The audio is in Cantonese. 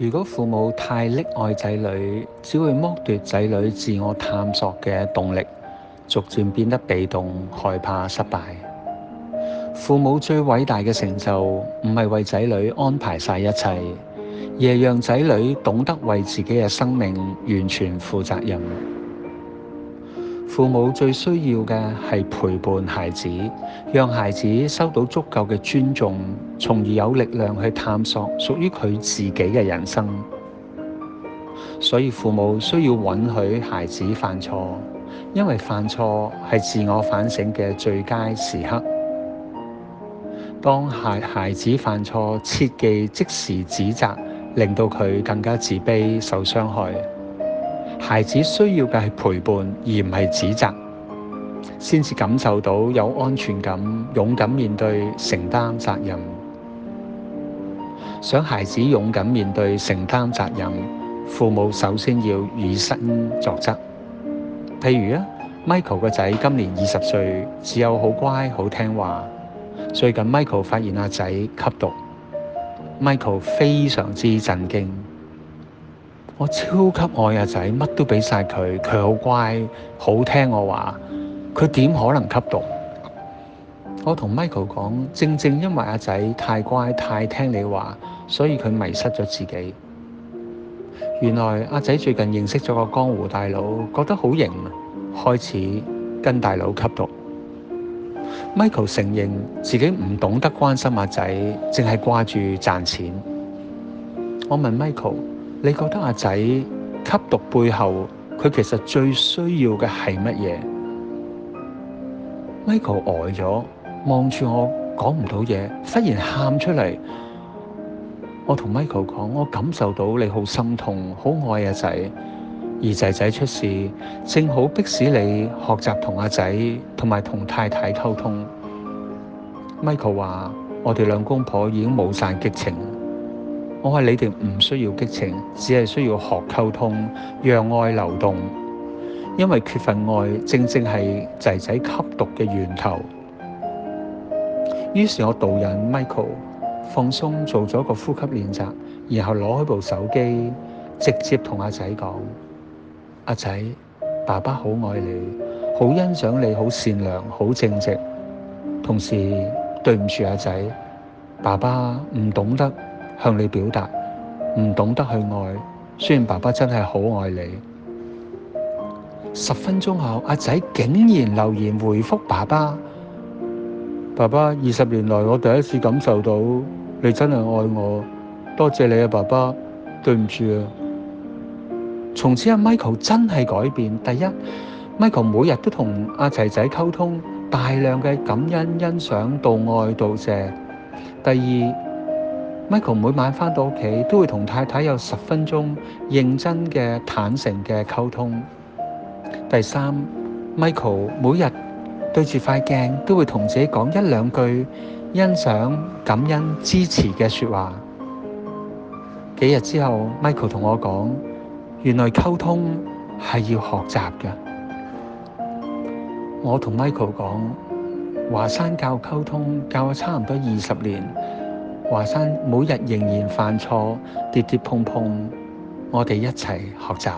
如果父母太溺愛仔女，只會剝奪仔女自我探索嘅動力，逐漸變得被動、害怕失敗。父母最偉大嘅成就，唔係為仔女安排晒一切，而係讓仔女懂得為自己嘅生命完全負責任。父母最需要嘅係陪伴孩子，讓孩子收到足夠嘅尊重，從而有力量去探索屬於佢自己嘅人生。所以父母需要允許孩子犯錯，因為犯錯係自我反省嘅最佳時刻。當孩孩子犯錯，切忌即時指責，令到佢更加自卑、受傷害。孩子需要嘅係陪伴，而唔係指責，先至感受到有安全感，勇敢面對、承擔責任。想孩子勇敢面對、承擔責任，父母首先要以身作則。譬如啊，Michael 個仔今年二十歲，只有好乖、好聽話。最近 Michael 發現阿仔吸毒，Michael 非常之震驚。我超級愛阿仔，乜都俾晒佢，佢好乖，好聽我話。佢點可能吸毒？我同 Michael 講，正正因為阿仔太乖太聽你話，所以佢迷失咗自己。原來阿仔最近認識咗個江湖大佬，覺得好型，開始跟大佬吸毒。Michael 承認自己唔懂得關心阿仔，淨係掛住賺錢。我問 Michael。你覺得阿仔吸毒背後，佢其實最需要嘅係乜嘢？Michael 呆咗，望住我講唔到嘢，忽然喊出嚟。我同 Michael 講：我感受到你好心痛，好愛阿仔，而仔仔出事，正好迫使你學習同阿仔同埋同太太溝通。Michael 話：我哋兩公婆已經冇晒激情。我話你哋唔需要激情，只係需要學溝通，讓愛流動。因為缺乏愛，正正係仔仔吸毒嘅源頭。於是，我導引 Michael 放鬆，做咗個呼吸練習，然後攞開部手機，直接同阿仔講：阿仔，爸爸好愛你，好欣賞你，好善良，好正直。同時對唔住，阿仔，爸爸唔懂得。向你表達唔懂得去愛，雖然爸爸真係好愛你。十分鐘後，阿仔竟然留言回覆爸爸：爸爸，二十年來我第一次感受到你真係愛我，多謝你啊，爸爸。對唔住啊。從此阿 Michael 真係改變。第一，Michael 每日都同阿仔仔溝通，大量嘅感恩、欣賞、道愛、道謝。第二。Michael 每晚翻到屋企都會同太太有十分鐘認真嘅坦誠嘅溝通。第三，Michael 每日對住塊鏡都會同自己講一兩句欣賞、感恩、支持嘅説話。幾日之後，Michael 同我講：原來溝通係要學習嘅。我同 Michael 講：華山教溝通教咗差唔多二十年。華山每日仍然犯錯，跌跌碰碰，我哋一齊學習。